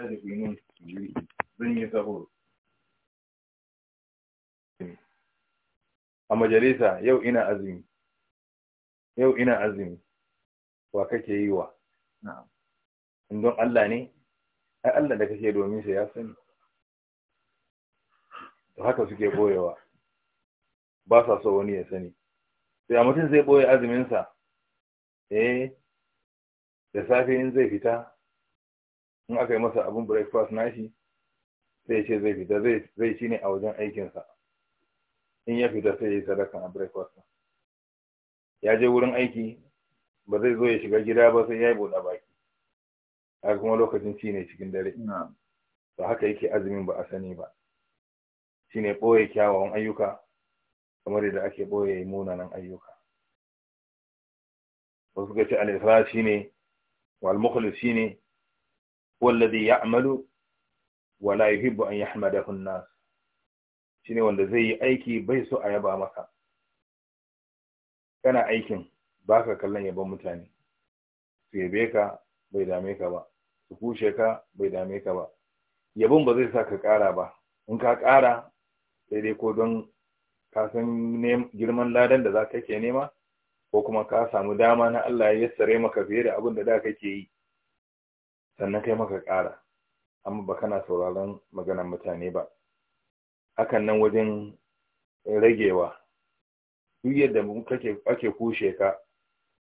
Hadi buyurun. Zan yi sahur. A majalisa yau ina azumi. Yau ina azumi. Wa kake yi wa? Na'am. Don Allah ne? Ai Allah da kake domin sa ya sani. To haka suke boyewa. Ba sa so wani ya sani. Sai a mutum zai boye azuminsa. Eh, da safe in zai fita in aka yi masa abin breakfast nashi sai ce zai fita zai shi ne a wajen aikinsa in ya fita sai ya yi sadaka a breakfast ya je wurin aiki ba zai zo ya shiga gida ba sai ya yi buɗa baki a kuma lokacin ci ne cikin dare Ba haka yake azumin ba a sani ba shi ne ɓoye kyawawan ayyuka kamar yadda ake ɓoye munanan ayyuka wasu ga ce shi ne wal shi ne wallazi ya'malu wa la yuhibbu an yahmadahu an-nas shine wanda zai yi aiki bai so a yaba masa kana aikin baka kallon yaban mutane su yabe ka bai dame ka ba su kushe ka bai dame ka ba yabon ba zai sa ka kara ba in ka ƙara sai dai ko don ka san girman ladan da za ka ke nema ko kuma ka samu dama na Allah ya yassare maka fiye da abin da da kake yi sannan kai maka ƙara amma ba kana sauraron maganar mutane ba hakan nan wajen ragewa duk yadda ake kushe ka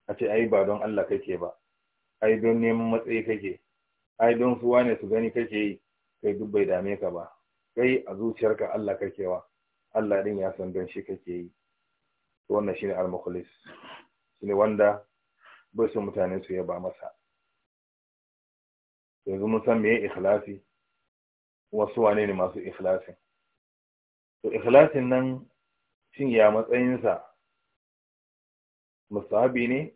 a ce ai ba don Allah kake ba ai don neman matsayi kake ai don su ne su gani kake yi kai duk bai dame ka ba kai a zuciyarka Allah kake wa Allah din ya san don shi kake yi wannan shine al-mukhlis shine wanda bai so mutane su yaba masa yanzu mun san meye ikhlasi wasu wane ne masu ikhlasin to ikhlasin nan shin ya matsayinsa musabi ne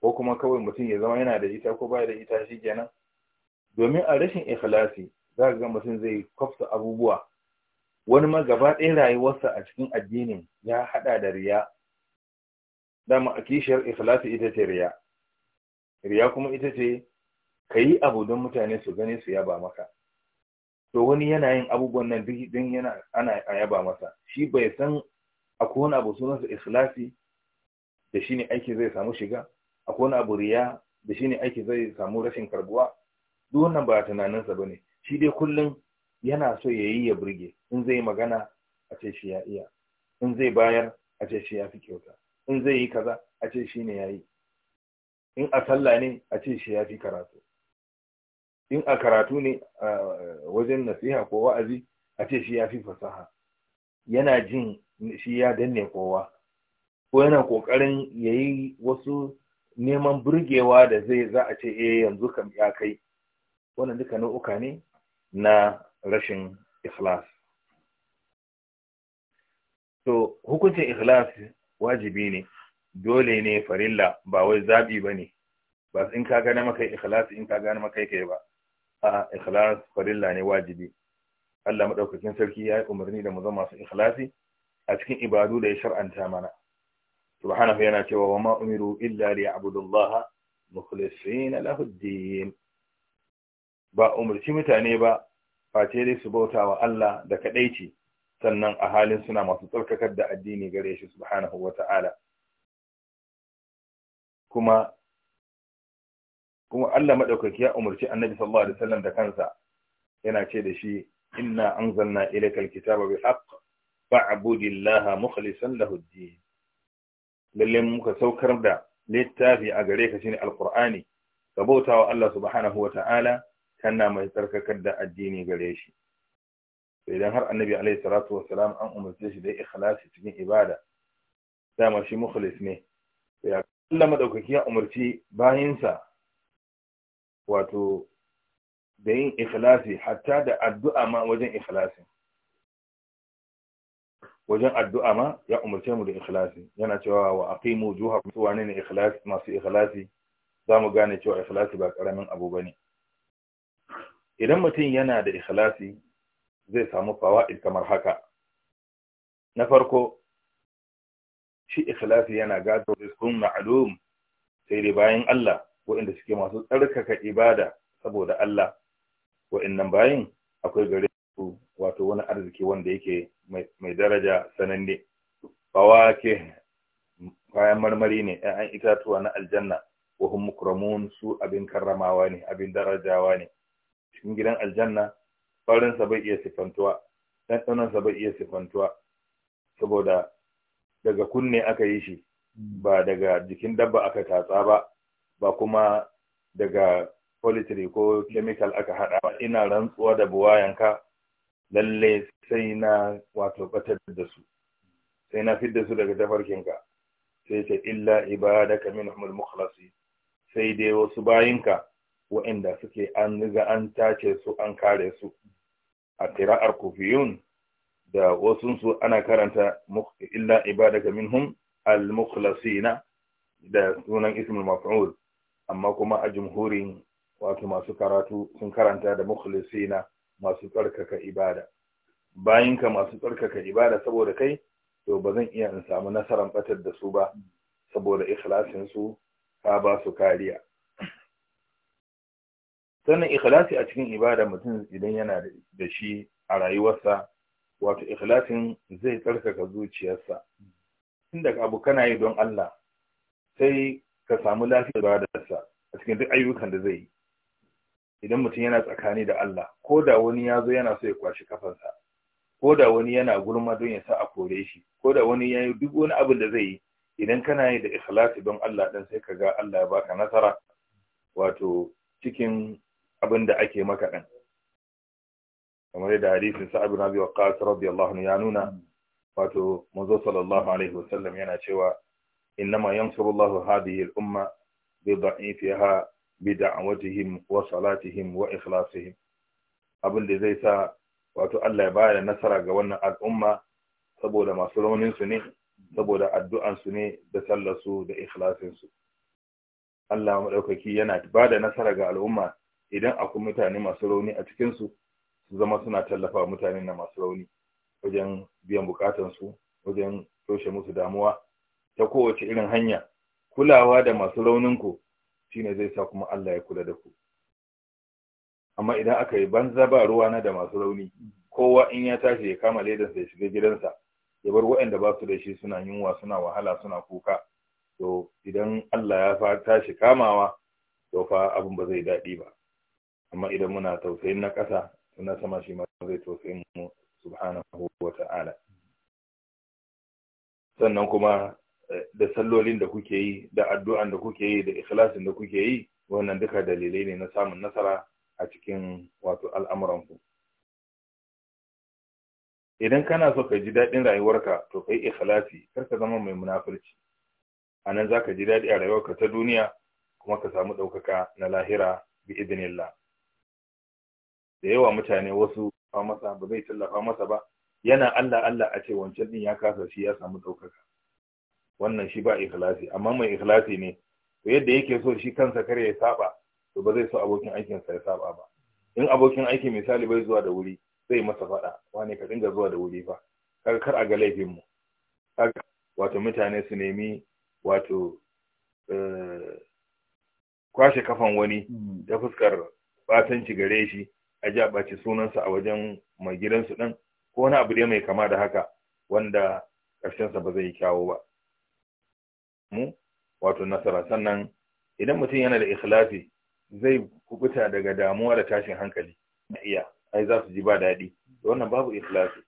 ko kuma kawai mutum ya zama yana da ita ko baya da ita shi kenan domin a rashin ikhlasi za ga mutum zai kwafta abubuwa wani ma gaba ɗaya rayuwarsa a cikin addinin ya haɗa da riya dama a kishiyar ikhlasi ita ce riya riya kuma ita ce ka yi abu don mutane su gani su yaba maka to wani yana yin abubuwan nan duk din yana ana yaba masa shi bai san akwai wani abu sunansa ikhlasi da shine aiki zai samu shiga akwai wani abu riya da shine aiki zai samu rashin karbuwa duk wannan ba tunaninsa bane shi dai kullum yana so ya yi ya burge in zai magana a ce shi ya iya in zai bayar a ce shi ya fi kyauta in zai yi kaza a ce shi ne ya yi in a sallah ne a ce shi ya fi karatu in a karatu ne wajen nasiha ko wa'azi a ce shi ya fi fasaha yana jin shi ya danne kowa ko yana kokarin ya yi wasu neman burgewa da zai za a ce eh yanzu kam ya kai wannan duka nau'uka ne na rashin ikhlas to hukuncin ikhlas wajibi ne dole ne farilla ba wai zabi bane ba in ka gane maka ikhlas in ka gane maka kai ba a ikhlas farilla ne wajibi Allah madaukakin sarki ya yi umarni da mu zama masu ikhlasi a cikin ibadu da ya shar'anta mana subhanahu yana cewa wa ma umiru illa li ya'budullaha mukhlisina lahu ad-din ba umarci mutane ba face dai su bauta wa Allah da kadaici sannan a halin suna masu tsarkakar da addini gare shi subhanahu wata'ala kuma kuma Allah madaukaki ya umarci annabi sallallahu alaihi wasallam da kansa yana ce da shi inna anzalna ilaykal kitaba bil haqq fa'budillaha mukhlishan lahu ad lalle muka saukar da littafi a gare ka shine alqur'ani ka bautawa Allah subhanahu wata'ala kana mai tsarkakar da addini gare shi idan har annabi alaihi salatu wassalam an umarce shi da ikhlasi cikin ibada dama shi mukhlis ne ya Allah madaukaki ya umarci bayinsa wato da yin ikhlasi hatta da addu'a ma wajen ikhlasi wajen addu'a ma ya umarce mu da ikhlasi yana cewa wa aqimu juha su wane ne ikhlasi masu ikhlasi zamu gane cewa ikhlasi ba karamin abu ba ne. idan mutum yana da ikhlasi zai samu fawaid kamar haka na farko shi ikhlasi yana gado sun ma'lum sai dai bayan Allah waɗanda suke masu tsarkaka ibada saboda Allah waɗannan bayin akwai gare su wato wani arziki wanda yake mai daraja sananne ke kayan marmari ne 'ya'yan itatuwa na aljanna wa hum mukramun su abin karramawa ne abin darajawa ne cikin gidan aljanna farin sa bai iya sifantuwa ɗanɗanon sa bai iya sifantuwa saboda daga kunne aka yi shi ba daga jikin dabba aka tatsa ba ba kuma daga politiri ko chemical aka haɗa ba ina rantsuwa da buwayanka lalle sai na wato batar da su sai na fidda su daga tafarkinka sai ce illa ibadaka humul mukhlasi sai dai wasu bayinka wa'inda suke an riga an tace su an kare su a kira'ar kufiyun da su ana karanta illa ibadaka minhum al-mukhlasina da sunan ismul maf'ul amma kuma a jumhurin wato masu karatu sun karanta da mukhlisina masu tsarkaka ibada Bayan ka masu tsarkaka ibada saboda kai to ba zan iya in samu nasarar batar da su ba saboda ikhlasin su ka ba su kariya sannan ikhlasi a cikin ibada mutum idan yana da shi a rayuwarsa wato ikhlasin zai tsarkaka zuciyarsa tun daga abu kana yi don Allah sai ka samu lafiyar sa a cikin duk ayyukan da zai yi idan mutum yana tsakani da Allah ko da wani ya zo yana so ya kwashi kafansa ko da wani yana gulma don ya sa a kore shi ko da wani ya yi duk wani abin da zai yi idan kana yi da ikhlasi don Allah din sai ka ga Allah ya baka nasara wato cikin abin da ake maka din kamar yadda hadisin Sa'ad bin Abi Waqqas radiyallahu anhu ya nuna wato manzo sallallahu alaihi wasallam yana cewa إنما ينصر الله هذه الأمة بضعيفها بدعوتهم وصلاتهم وإخلاصهم abin da zai sa wato Allah ya da nasara ga wannan al'umma saboda masu raunin su ne saboda addu'an su ne da sallar su da ikhlasin su Allah madaukaki yana bada nasara ga al'umma idan akwai mutane masu rauni a cikin su su zama suna tallafa mutane na masu rauni wajen biyan bukatun su wajen toshe musu damuwa ta kowace irin hanya kulawa da masu rauninku shine zai sa kuma Allah ya kula da ku amma idan aka yi banza ba ruwa na da masu rauni kowa in ya tashi ya kama ledansa ya shiga gidansa ya bar waɗanda ba su da shi suna yunwa suna wahala suna kuka to idan Allah ya fa tashi kamawa to fa abin ba zai daɗi ba amma idan muna tausayin na ƙasa na sama shi ma zai tausayin mu subhanahu wa ta'ala sannan kuma da sallolin da kuke yi da addu'an da kuke yi da ikhlasin da kuke yi wannan duka dalilai ne na samun nasara a cikin wato al'amuranku idan kana so ka ji daɗin rayuwarka to kai ikhlasi kar ka zama mai munafurci a nan za ka ji daɗi a rayuwarka ta duniya kuma ka samu ɗaukaka na lahira bi idinillah da yawa mutane wasu ba masa ba zai tallafa masa ba yana Allah Allah a ce wancan din ya kasa shi ya samu ɗaukaka wannan shi ba ikhlasi amma mai ikhlasi ne to yadda yake so shi kansa kare ya saba to ba zai so abokin sa ya saba ba in abokin aiki misali bai zuwa da wuri zai masa faɗa wani ka dinga zuwa da wuri fa kar kar a ga laifin mu wato mutane su nemi wato eh, kwashe kafan wani da hmm. fuskar batanci gare shi a ji a ɓaci sunansa a wajen mai gidansu ɗin ko wani abu dai mai kama da haka wanda ƙarshensa ba zai yi kyawo ba mu wato nasara sannan idan mutum yana da ikhlasi zai kubuta daga damuwa da tashin hankali na iya ai za su ji ba daɗi wannan babu ikhlasi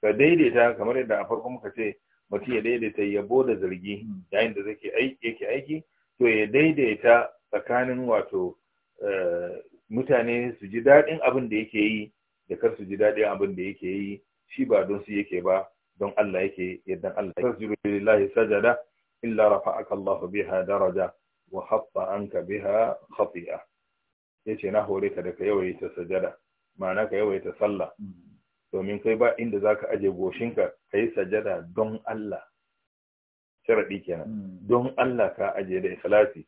ka daidaita kamar yadda a farko muka ce mutum ya daidaita yabo da zargi yayin da zake yake aiki to ya daidaita tsakanin wato eh, mutane su ji daɗin abin da yake yi da kar su ji daɗin abin da yake yi shi ba don su yake ba don Allah yake yadda Allah ya sajada illa rafa'aka Allah biha daraja wa hatta anka biha yace na hore ka da ka yawaita sajada ma'ana ka yawaita sallah domin kai ba inda zaka aje goshinka kai sajada don Allah sharadi kenan don Allah ka aje da ikhlasi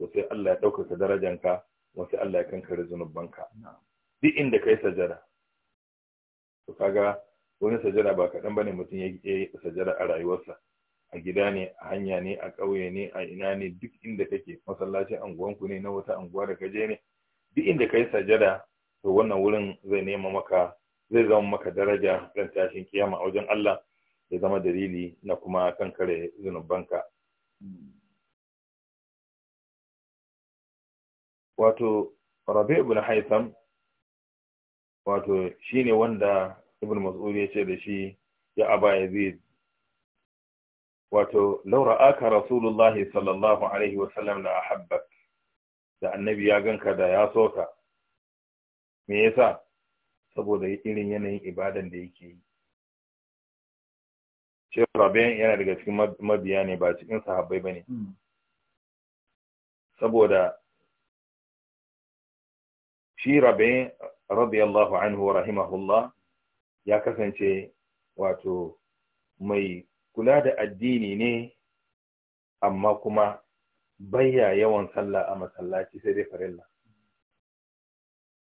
to sai Allah ya ɗaukaka darajan ka sai Allah ya kankare zunubanka duk inda kayi sajada to kaga wani sajada ba kaɗan bane mutum ya yi sajada a rayuwarsa a gida ne a hanya ne a ƙauye ne a ina ne duk inda kake masallacin anguwanku ne na wata anguwa da je ne duk inda kai sajada to wannan wurin zai nema maka zai zama maka daraja ran tashin kiyama a wajen Allah ya zama dalili na kuma kankare zunubanka wato rabi ibn haitham wato shine wanda ibn mas'ud ya ce da shi ya aba yazid wato laura aka rasulullahi sallallahu alaihi wasallam da ahabbak da annabi ya ganka da ya so ka me yasa saboda irin yanayin ibadan da yake yi Shehu rabin yana daga cikin mabiya ne ba cikin sahabbai ba ne. Hmm. Saboda shi rabin radiyallahu anhu rahimahullah ya kasance wato mai kula da addini ne amma kuma bayya yawan sallah a masallaci sai dai farilla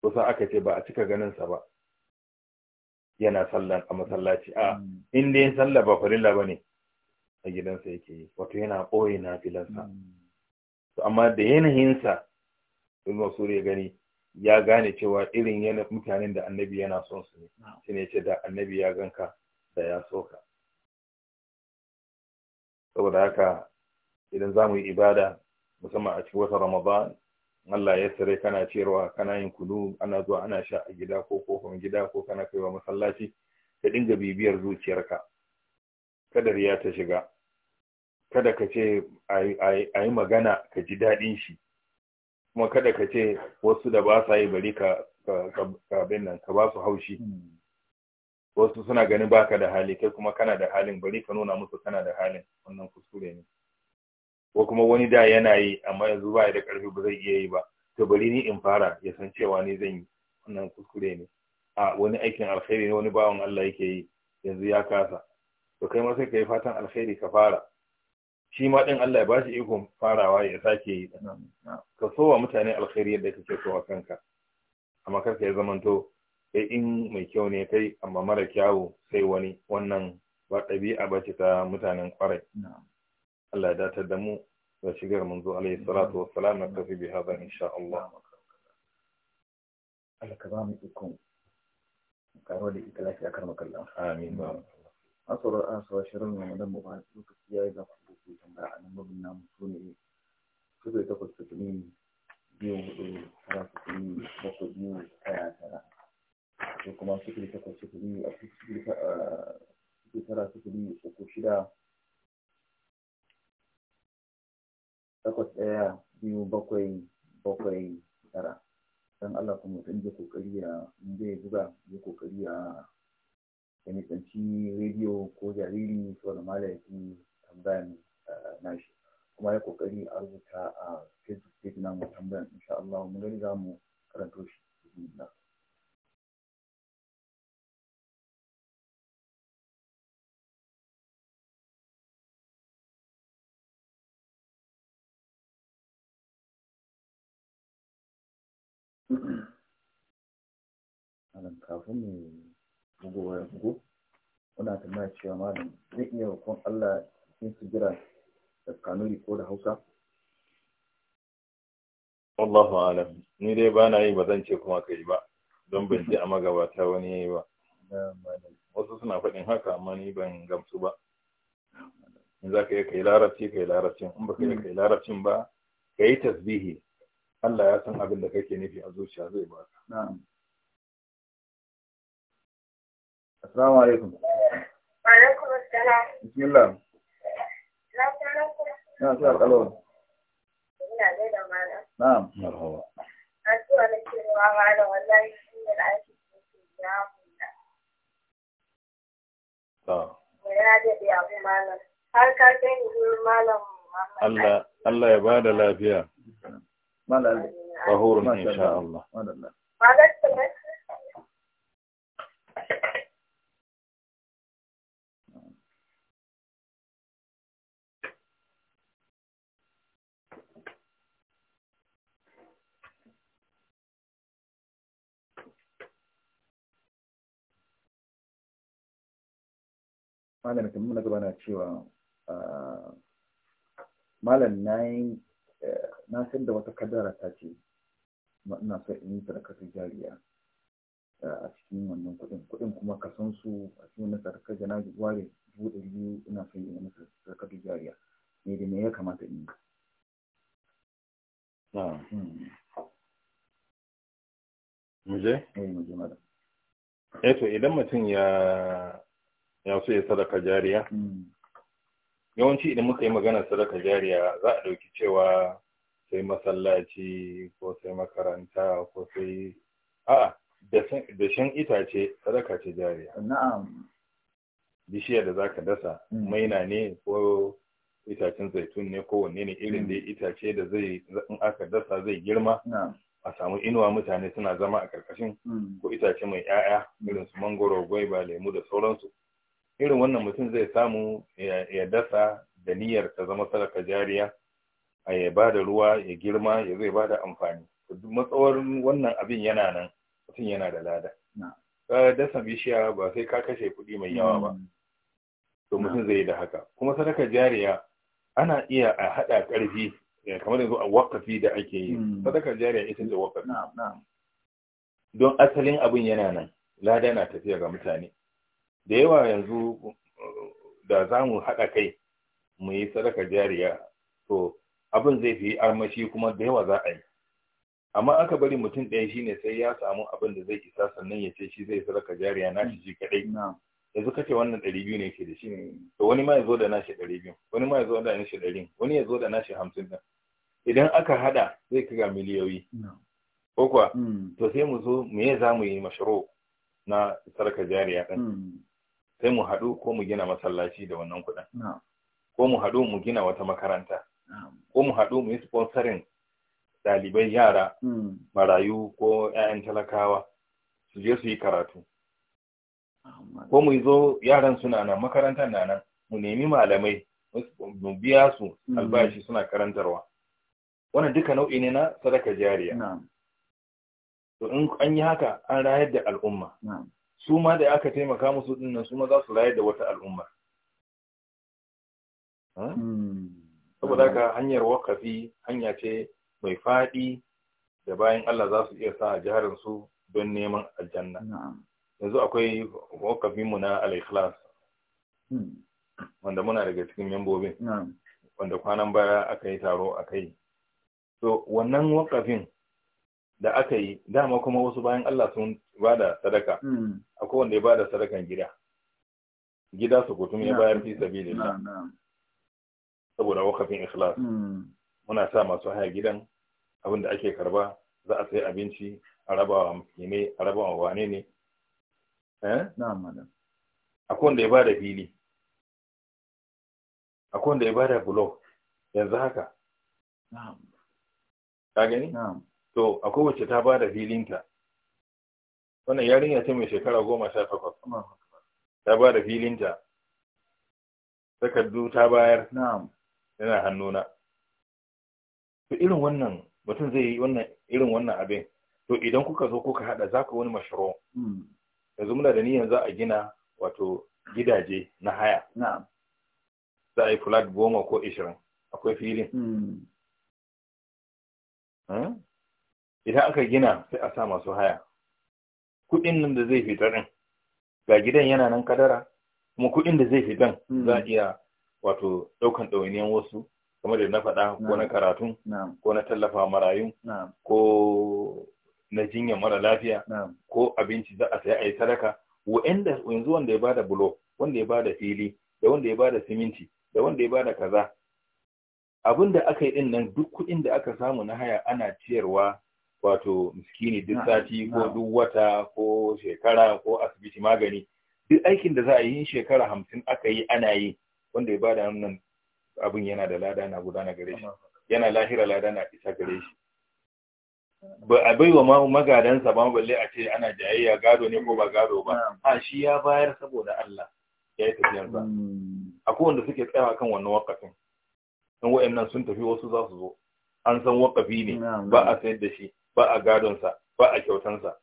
kusa aka ce ba a cika ganinsa ba yana sallan a masallaci a hmm. in dai sallah ba farilla ba ne a gidansa yake yi wato yana ɓoye na filansa to hmm. amma da yanayinsa in masur ya gani ya gane cewa irin yana mutanen da annabi yana son su ne shine yace da annabi ya ganka da ya soka saboda haka idan za mu yi ibada musamman a cikin watan ramadan Allah ya sare kana cewa kana yin kunu ana zuwa ana sha a gida ko kofin gida ko kana kaiwa masallaci ka dinga bibiyar zuciyarka kada riya ta shiga kada ka ce a yi magana ka ji daɗin shi kuma kada ka ce wasu da ba sa yi bari ka abin nan ka ba su haushi hmm. wasu suna ganin baka da hali kai kuma kana da halin bari ka nuna musu kana da halin wannan kuskure ne ko kuma wani da yana yi amma yanzu ba da karfi ba zai iya yi ba to bari ni in fara ya san cewa ni zan yi wannan kuskure ne a wani aikin alkhairi ne wani bawan Allah yake yi yanzu ya kasa to kai ma sai ka yi fatan alkhairi ka fara shi ma din Allah ya bashi ikon farawa ya sake yi ka sowa mutane alkhairi yadda kake so kanka amma kar ka yi zamanto sai in mai kyau ne kai amma mara kyawu sai wani wannan ba ɗabi'a ba ce ta mutanen kwarai Allah ya datar da mu da shigar manzo alaihi salatu wa salam na kafi bi hazan, insha Allah Allah ka ba mu ikon karo da ita a karma kallon amin ba asarar asarar shirin madan mu ba lokaci yayi da ku ku tambaya a nan babin namu sune su bai takwas su biyu hudu tara su biyu bakwai biyu tara tara ko kuma sifili takwas sifili a sifili tara sifili uku shida takwas ɗaya biyu bakwai bakwai tara don Allah kuma mutum zai kokari ya zai buga zai kokari ya ya rediyo ko jariri saboda mala ya tambayan nashi kuma ya kokari a rubuta a facebook page na mu tambayan insha Allah mun gani za mu karanto shi malam kafin mu bugu bugu muna tambaya cewa malam zai iya roƙon Allah cikin sujira da kanuri ko da Hausa Allahu alam ni dai ba na yi ba zan ce kuma kai ba don ban ji a magabata wani yayi ba wasu suna faɗin haka amma ni ban gamsu ba in za ka yi kai larabci kai larabcin in ba ka yi kai larabcin ba ka yi tasbihi Allah ya san abin da kake nufi a zuciya zai ba ka. Assalamu alaikum. Alaikum assalam. Bismillah. Na sa kalon. Ina da da mana. Na'am. Marhaba. Addu'a da cewa da. wallahi shi ne da ake cikin ya huta. Ta. Ya dade abu malam. Har ka kai ni malam Muhammad. Allah Allah ya bada lafiya. ما لا ظهور ان شاء الله ما لنا ما لنا كمان نقول أنا شيء ما لنا نين na san da wata kadara ta ce ina so in yi sadakatu jariya a cikin wannan kuɗin kuɗin kuma ka san su a cikin wani sadaka da na ware dubu ɗari biyu ina son yi wani sadakatu jariya me da me ya kamata in yi. Ah. Hmm. Muje? Eh, muje madam. Eh to idan mutum ya ya so ya sadaka jariya. Hmm. yawanci idan muka yi magana sadaka jariya za a ɗauki cewa sai masallaci ko sai makaranta ko sai a'a da shan itace sadaka ce jariya na'am bishiyar da zaka dasa mm. maina ne ko itacen zaitun ne ko wanne ne irin mm. da itace da zai in aka dasa zai girma a samu inuwa mutane suna zama a karkashin mm. ko itace mai 'ya'ya irin su mangoro gwaiba lemu da sauransu irin wannan mutum zai samu ya dasa da niyyar ta zama sadaka jariya a ya ba da ruwa ya girma ya zai ba da amfani matsawar wannan abin yana nan mutum yana da lada ka dasa bishiya ba sai ka kashe kuɗi mai yawa ba mm. to mutum zai yi da haka kuma sadaka jariya ana iya a haɗa ƙarfi kamar yanzu a wakafi da ake yi mm. sadaka jariya ita ce wakafi don asalin abin yana nan lada na tafiya ga mutane da yawa yanzu da za mu haɗa kai mu yi sadaka jariya to abin zai fi armashi kuma da yawa za a yi amma aka bari mutum ɗaya shine sai ya samu abin da zai isa sannan ya ce shi zai sadaka jariya na shi kaɗai yanzu kace wannan ɗari biyu ne ke da shi to wani ma ya zo da nashi ɗari biyu wani ma ya zo da nashi ɗari wani ya zo da nashi hamsin ɗin idan aka haɗa zai kaga miliyoyi ko kuwa hmm. to sai mu zo me za mu yi mashiro na sadaka jariya ɗin hmm. sai mu haɗu ko mu gina masallaci da wannan kuɗin ko mu haɗu mu gina wata makaranta ko mu haɗu mu yi sponsorin ɗalibai yara hmm. marayu ko 'ya'yan talakawa su je su yi karatu ko mu zo yaran suna nan makarantar na nan mu nemi malamai mu biya su hmm. albashi suna karantarwa wannan duka nau'i ne na sadaka jariya to in an yi haka an rayar da al'umma su ma da aka taimaka musu nan su ma za su rayar da wata al'umma hmm. saboda haka hanyar wakafi hanya ce mai faɗi da bayan Allah za su iya sa a jiharin su don neman aljanna yanzu akwai wakafinmu na al-ikhlas hmm. wanda muna daga cikin membobin wanda kwanan baya aka yi taro a kai so wannan wakafin da aka yi dama kuma wasu bayan Allah sun bada sadaka hmm. akwai wanda ya bada sadakan gida gida su kutum ya bayar fi sabilillah saboda wakafin ikhlas hmm. muna sa masu haya gidan abin da ake karba za a sai abinci a raba wa miskinai a raba wa wane ne eh? akwai wanda ya bada fili akwai wanda ya bada bulo yanzu haka ka gani to akwai wacce ta ba da filinta wannan yarinya ce mai shekara goma sha takwas ta ba da filinta takardu ta bayar yana hannuna to irin wannan mutum zai yi irin wannan abin to idan kuka zo kuka hada za ka wani mashiro hmm. yanzu muna da niyan za a gina wato gidaje na haya za a yi flat goma ko ishirin akwai filin hmm. Hmm? idan aka gina sai a sa masu haya kuɗin nan da zai fita ɗin ga gidan yana nan kadara kuma kuɗin da zai fitan za a hmm. iya wato ɗaukan ɗawainiyan wasu kamar da na faɗa ko na karatun ko na tallafa marayu ko na jinyar mara lafiya ko abinci za a saya a yi sadaka wa'anda yanzu wanda ya bada bulo wanda ya bada fili da wanda ya bada siminti da wanda ya bada kaza abinda aka yi din nan duk kuɗin da aka samu na haya ana ciyarwa wato miskini duk sati ko duk wata ko shekara ko asibiti magani duk aikin da za a yi shekara hamsin aka yi ana yi wanda ya bada nan abin yana da lada na gudana gare shi yana lahira lada na isa gare shi ba a baiwa ma magadansa ba balle a ce ana jayayya gado ne ko ba gado ba a shi ya bayar saboda Allah ya yi tafiyarsa hmm. akwai wanda suke tsayawa kan wannan wakafin in wa'annan sun tafi wasu za su zo an san wakafi ne ba a sayar da shi ba a gadonsa ba a kyautansa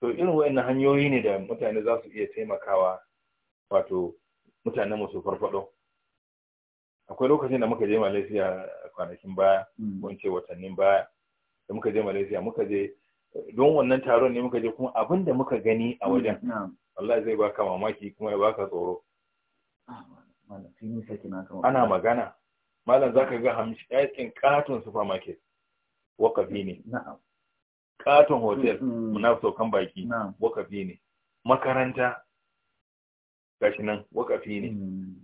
to irin wa'annan hanyoyi ne da mutane za su iya taimakawa wato mutanen musu su farfado akwai lokacin da muka je Malaysia kwanakin baya wance mm. watannin baya da muka je Malaysia muka je don wannan taron ne muka je kuma abin da muka gani a mm, wajen Allah zai baka mamaki kuma ya baka tsoro ah, ana magana malam zaka ga hamshi yakin katon supermarket wakafi ne katon hotel mm, mm. muna saukan baki wakafi ne makaranta gashi nan wakafi ne mm.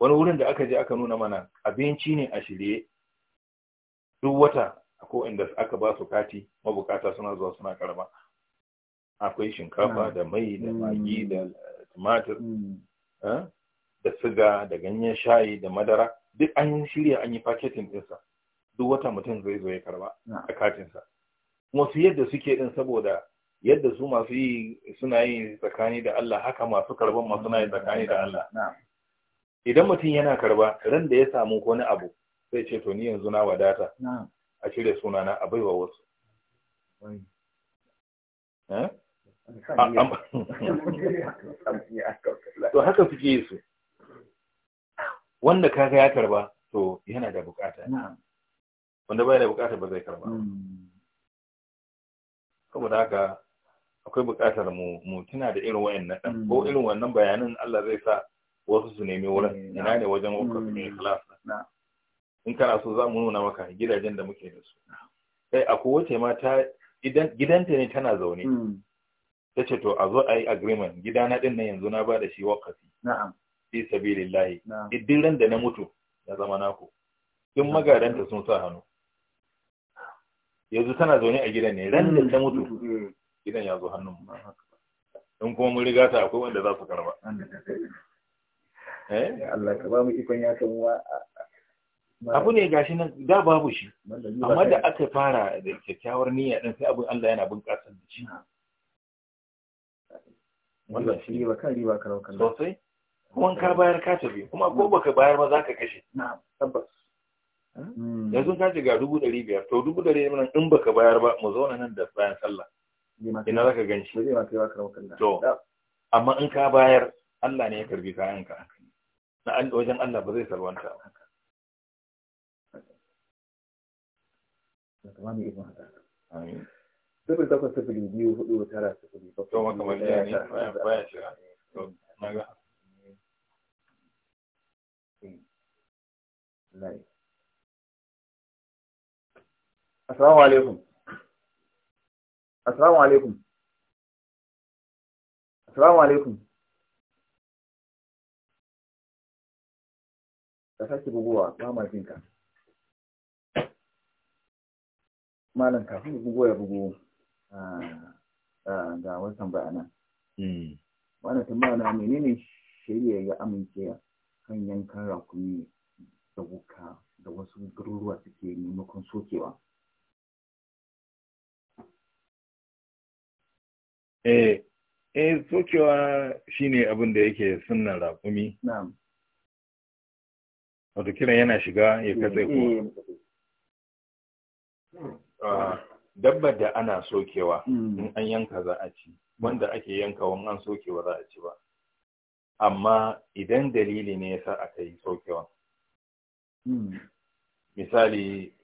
wani wurin da aka je aka nuna mana abinci ne a shirye duk wata ko inda aka ba su kati mabukata suna zuwa suna karba akwai shinkafa da mai da magi da tumatir eh, da siga da ganyen shayi da madara duk an yi shirya an yi paketin ɗinsa duk wata mutum zai zo ya karba a katinsa kuma su yadda suke din saboda yadda su masu yi suna yi tsakani da Allah haka masu karban masu na yi tsakani da Allah idan mutum yana karba ran da ya samu wani abu sai ce to ni yanzu na wadata a cire sunana a baiwa wasu eh? to haka suke yi su wanda kaga ya karba to yana da bukata wanda bai da bukatar ba zai karba hmm. saboda haka akwai bukatar mu mu tuna da irin wayannan dan hmm. ko irin wannan bayanin Allah zai sa wasu su nemi wurin eh, ina ne wajen hmm. su wakafin ikhlas in kana so za mu nuna maka gidajen da muke da su kai eh, a kowace mata ta gidanta ne tana zaune ta ce to a zo a yi agreement gidana din nan yanzu na ba da shi wakafi na'am fi sabilillah idan ran da na mutu ya zama naku in magaranta sun sa hannu yanzu tana zaune a gidan ne ran da ta mutu mm, mm, mm. gidan ya zo hannun mu in kuma mun riga ta akwai wanda za su karba eh Allah ka ba mu ikon ya kan wa abu ne gashi nan da babu shi amma da aka fara da kyakkyawar niyya din sai abin Allah yana bunƙasa da shi wannan shi ba kan riba karau kan sosai kuma ka bayar ka tafi kuma ko baka bayar ba za ka kashe na'am tabbas Hmm. yanzu ka ce ga dubu ɗari biyar to dubu ɗari nan in baka bayar ba mu zauna nan da bayan sallah ina za ka gan to amma in ka bayar Allah ne ya karbi ka, na wajen Allah ba zai salwanta ba tamami ibn hada amin sifir takwas sifiri biyu hudu tara sifiri bakwai to ne bayan shira Assalamu alaikum. Assalamu alaikum. Assalamu Ka sake buguwa ba ma jin ka. Malam kafin buguwa ya bugo ah, ah, ga wasu tambaya nan. Hmm. Wannan tambaya na menene shari'a ya amince kan yankan rakumi da wuƙa da wasu garuruwa suke maimakon sokewa. eh eh sokewa shine abin da yake sunnan raƙumi na'am wato kiran yana shiga ya katse eh, kuwa eh, ah, dabbar da ana sokewa hmm. in an yanka za a ci wanda ake yanka wani an sokewa za a ci ba amma idan dalili ne yasa aka yi sokewa hmm. misali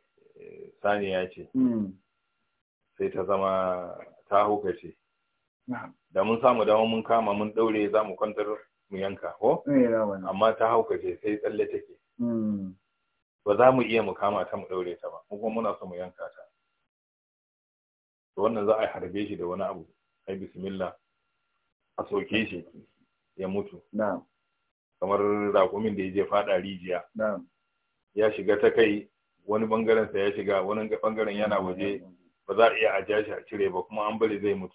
eh, saniya ce hmm. sai ta zama ta hukace da mun samu dama mun kama mun daure za mu kwantar mu yanka ko eh, amma ta haukace sai tsalle take hmm. ba za mu iya mu kama ta mu daure ta ba kuma muna so mu yanka ta wannan za a harbe shi da wani abu ai bismillah a soke shi ya mutu kamar raƙumin da ya je faɗa rijiya ya shiga ta kai wani bangaren sa ya shiga wani bangaren yana waje ba za a iya a shi a cire ba kuma an bari zai mutu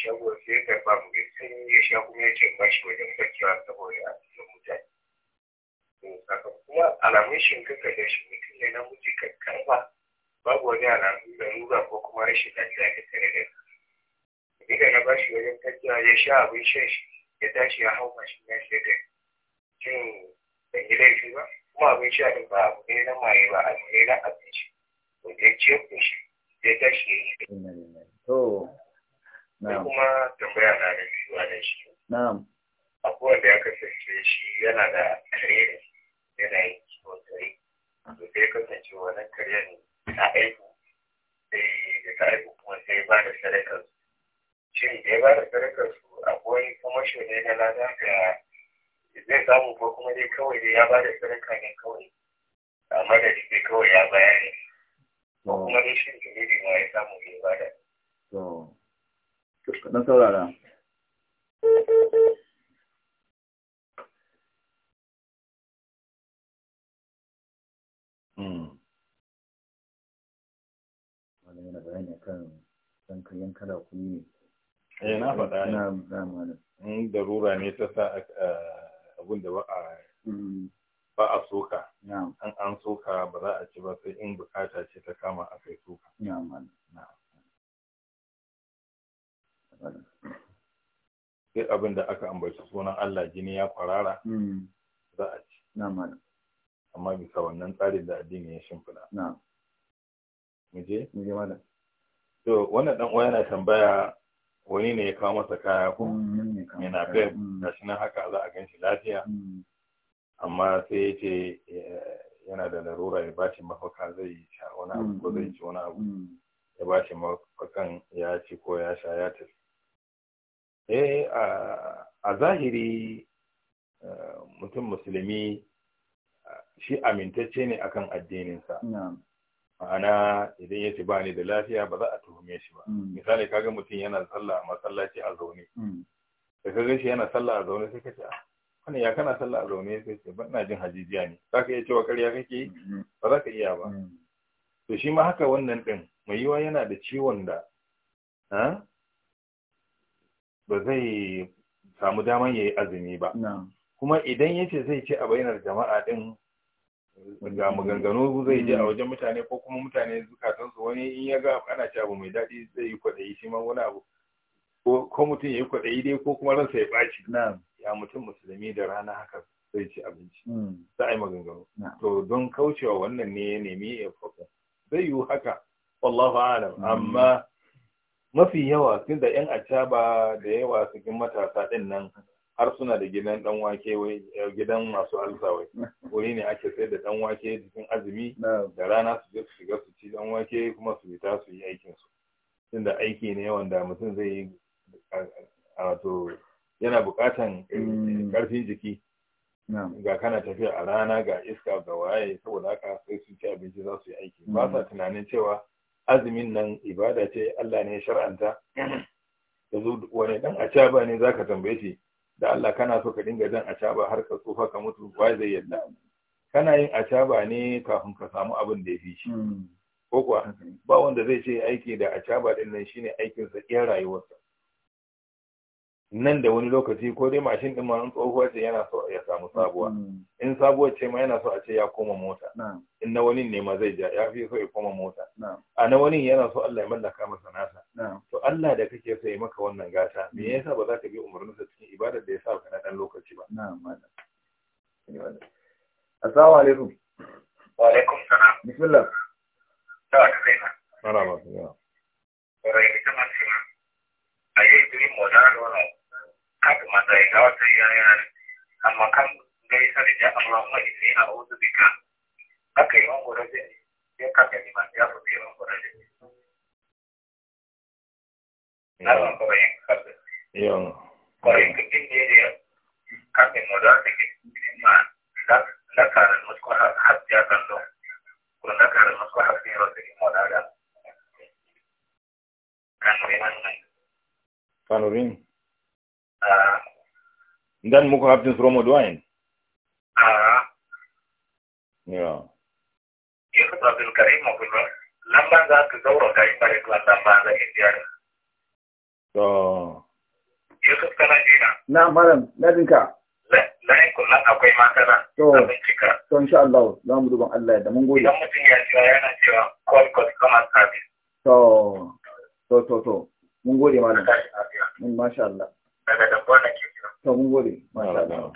sha sai ya karba mu da sanyi ya sha kuma ya ce ba shi wajen sakewa saboda a cikin mutane. kuma alamun shinkaka da shi mutum ne na mutu kakkan ba babu wani alamun da rura ko kuma rashin lafiya da tare da su. Idan na bashi wajen sakewa ya sha abin shan shi ya tashi ya hau mashin ya shi da cin ban yi laifi ba kuma abin sha din ba abu ne na maye ba abu ne na abinci. Wanda ya ce kun shi ya tashi ya yi. To, Sai kuma tambaya na da biyu a shi. Na'am. Akwai wanda aka kasance shi yana da kare ne yana yin kiwon kare. To sai kasance wannan kare ne ta aiko sai da ta aiko kuma sai ba da sadakar su. Shin da ya ba da sadakar su akwai kuma shi ne na lada da zai samu ko kuma dai kawai dai ya ba da sadaka ne kawai. Amma da dai kawai ya bayar ne. Ko kuma dai shi ne ma ya samu ya ba da. kaɗan saurara hmm. wani yana bayani kan ɗanka yanka da kuyi ne eh na faɗa ne in hmm, darura ne ta sa eh, abin da ba a hmm. ba a soka Na'am. an an soka ba za a ci ba sai in bukata ce ta kama a kai soka Na'am. Na'am. Sai abin da aka ambaci sunan Allah jini ya kwarara hmm. za a ci amma bisa wannan tsarin da addini ya shimfiɗa Muje? muje mu to wannan dan uwa yana tambaya wani ne ya kawo masa kaya ko hmm, yana kai hmm. gashi nan haka za a gan shi lafiya amma sai ya ce eh, yana da larura ya bashi mafaka zai sha wani abu ko zai ci wani abu ya bashi mafakan ya ci ko ya sha ya tafi eh a zahiri eh, mutum musulmi shi amintacce ne akan addininsa ma'ana idan ya ce ba ni da lafiya ba za a tuhume shi ba mm. misali kaga mutum yana sallah a masallaci a zaune mm. da kaga shi yana sallah a zaune sai ka ce ah, wani ya kana sallah a zaune sai ce ba ina jin hajijiya ne za ka iya cewa karya kake mm-hmm. ba za ka iya ba mm. to shi ma haka wannan din mai yiwa yana da ciwon da ah, ba zai samu daman ya yi azumi ba kuma idan yace zai ci a bainar jama'a din ga maganganu zai je a mm. wajen mutane ko kuma mutane su. wani in ya ga ana ci abu mai daɗi zai yi kwaɗayi shi ma wani abu ko mutum ya yi kwaɗayi dai ko kuma ransa ya ɓaci ya mutum musulmi da rana haka zai ci abinci mm. za a yi maganganu to don kaucewa wannan ne ya nemi ya faɗo zai yiwu haka Allahu alam mm. amma mafi yawa tun da 'yan acaba da yawa su gin matasa ɗin nan har suna da gidan dan wake wai eh, gidan masu alsa wuri ne ake sayar da dan wake cikin azumi da rana su je su shiga su ci dan wake kuma su fita su yi aikin su da aiki ne wanda mutum zai yi wato yana buƙatan eh, mm. ƙarfin jiki ga kana tafiya a rana ga iska ga waye saboda haka sai su ci abinci za su yi aiki ba mm. sa tunanin cewa azumin nan ibada ce Allah ne ya shar'anta yanzu wani dan acaba ne zaka tambaye shi da Allah kana so ka dinga jan acaba har ka tsufa ka mutu wai zai yadda kana yin acaba ne kafin ka samu abin da ya fi shi hmm. ko kuwa ba wanda zai ce aiki da acaba din shine aikin sa iya rayuwarsa nan da wani lokaci ko dai mashin din ma tsohuwa ce yana so ya samu sabuwa mm-hmm. in sabuwa ce ma yana so a ce ya koma mota in na wani ne ma zai ja ya fi so ya koma mota a na wani yana so Allah ya mallaka masa nasa to Allah da kake so ya maka wannan gata me mm-hmm. yasa ba za ka bi sa cikin ibadar da ya sa ka na dan lokaci ba na'am malam assalamu alaikum wa alaikum salam bismillah ta kai na marhaba ya rai ita ma ce a yi dream wannan اللهم إني أعوذ بك haka yawan guraje ne ya kaka liman ya Dia yawan guraje ne na zan kuma yin kasa yawan kwarin kakin dia ne kafin mu da ta kitin ma na karin muskwa hafi ya zan don ko na karin muskwa hafi ya wasu yin wadada kanurin nan kanurin dan muku hafin from Odwain. malam ladinka ka kullum akwai makana to to insha da mun gode idan ya yana cewa call to to to to mun gode malam mun mm, masha Allah daga da kwana ke to mun gode masha Allah ina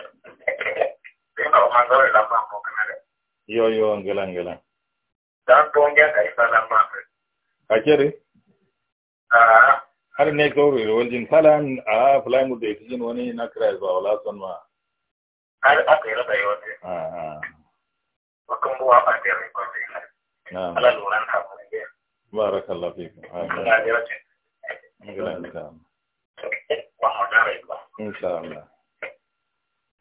ma la ma ko kana da yo yo ngela ngela dan to har ne kawru e woljin falan a flaymude e wani na kira ya bawla son ma Har aka yi yote ah ah Bakan buwa ba da rai kwanze na ala luran ha mun ge barakallahu fiku amin na da yote ngala ngala wa hada rai ba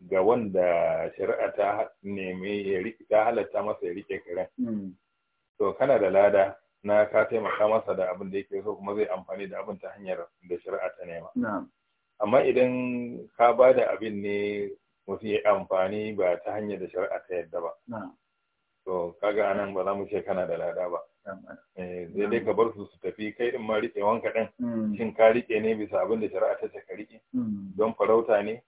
ga wanda shari'a ta nemi ta halatta masa ya rike karen hmm. to kana da lada na ka taimaka masa da abin da yake so kuma zai amfani da abin ta hanyar da shari'a ta nema amma idan ka ba da abin ne mutum ya amfani ba ta hanyar da shari'a ta yadda ba to kaga nan ba za mu ce kana da lada ba zai eh, dai ka bar su su tafi kai din ma rike wanka din hmm. shin ka rike ne bisa abin da shari'a ta ce ka rike hmm. don farauta ne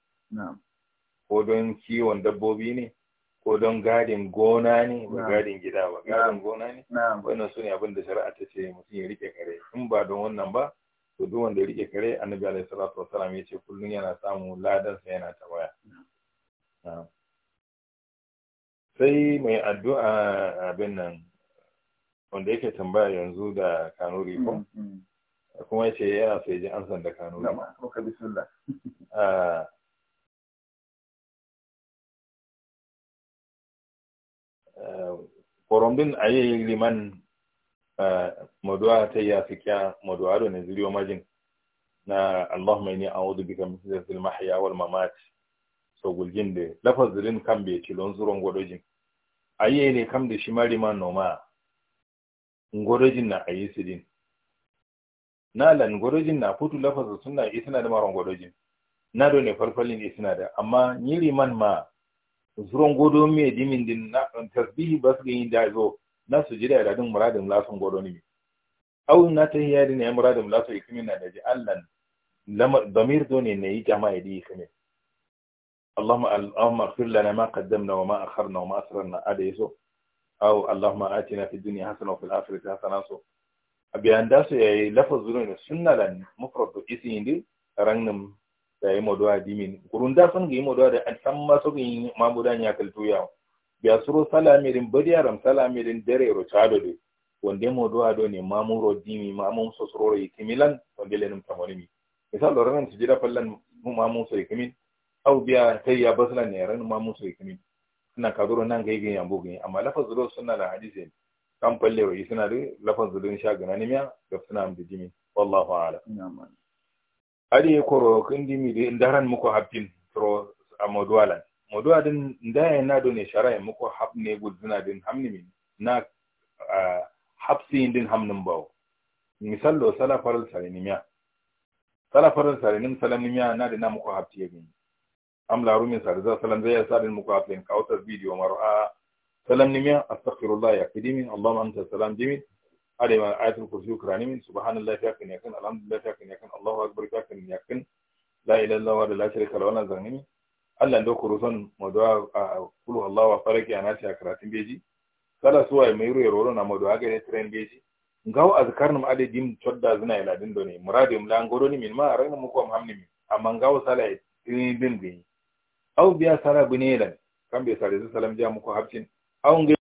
ko don kiwon dabbobi ne ko don gadin gona ne ba gadin gida ba gadin gona ne wannan su ne abin da shari'a ta ce mutum ya rike kare in ba don wannan ba to duk wanda ya rike kare annabi alaihi salatu wasalam ya ce kullum yana samun ladansa yana ta sai mai addu'a abin nan wanda yake tambaya yanzu da kanuri ko mm, mm. kuma ya ce yana so ya ji ansan da kanuri korombin aye liman eh, madu'a ta ya fikiya madu'a da naziriyo majin na Allahumma inni a'udhu bika min fitnatil mahya wal mamat so gulgin de lafazirin kan be tilon zuron godojin aye ne kam da shi marima noma godojin na ayi sidin na lan godojin na futu lafazu sunna isna da maron godojin na do ne farfalin isna da amma yi liman ma zuron godo mi e dimin din na tasbihi bas gi da zo na su jira da dun muradin la godo ni au na ta hiya din ya muradin la su ikimin na da ji allan damir do ne ne jama e di kene allahumma allahumma fir lana ma qaddamna wa ma akharna wa ma asrarna ada yaso au allahumma atina fi dunya hasana wa fil akhirati hasana so abiyan da su yayi lafazun ne sunnalan mufrad do isin din rangnum da yi modoa dimin da sun yi modoa da atan masu gi mamudan ya kaltu ya ya suro salamirin badiyaram salamirin dare ro chado de wonde modoa do ne mamuro dimi mamun so soro yi kimilan wanda lenin tamonimi misal do su jira fallan mamun so yi kimin au biya kai ya basu ne ran mamun so yi kimin suna kaduro nan ga yi yambo gi amma lafaz do suna da hadisi kan fallewa yi suna da lafaz do sha nimiya da suna da dimi wallahu a'lam ari koro kindi mi de ndaran muko habbin tro a modwa din ndaye na do ne sharai muko habne gudzina din hamni min na habsi din hamnin bawo misal do sala faral salinimiya sala faral salinim salanimiya na de na muko habti yebin am la rumin sa da salan zai sa din muko habtin kawtar video mar'a salam nimiya astaghfirullah ya qidimi allahumma anta salam jimi ada ayatul kursi kurani min subhanallahi ya kan yakin alhamdulillah ya kan yakin allahu akbar ya kan yakin la ilaha illallah la sharika lahu wannan zanni Allah da ku rusan madu'a a kulu Allah wa faraki ana ta karatin beji kada su suwa mai ruwa roro madu'a ga ne tren beji ngawo azkarnum adadin chodda zina ila din doni muradum la ngoro ni min ma ranan mu ko hamni min amma ngawo sala tin din bi au biya sala bunela kambe kan be sare salam ja muku habcin au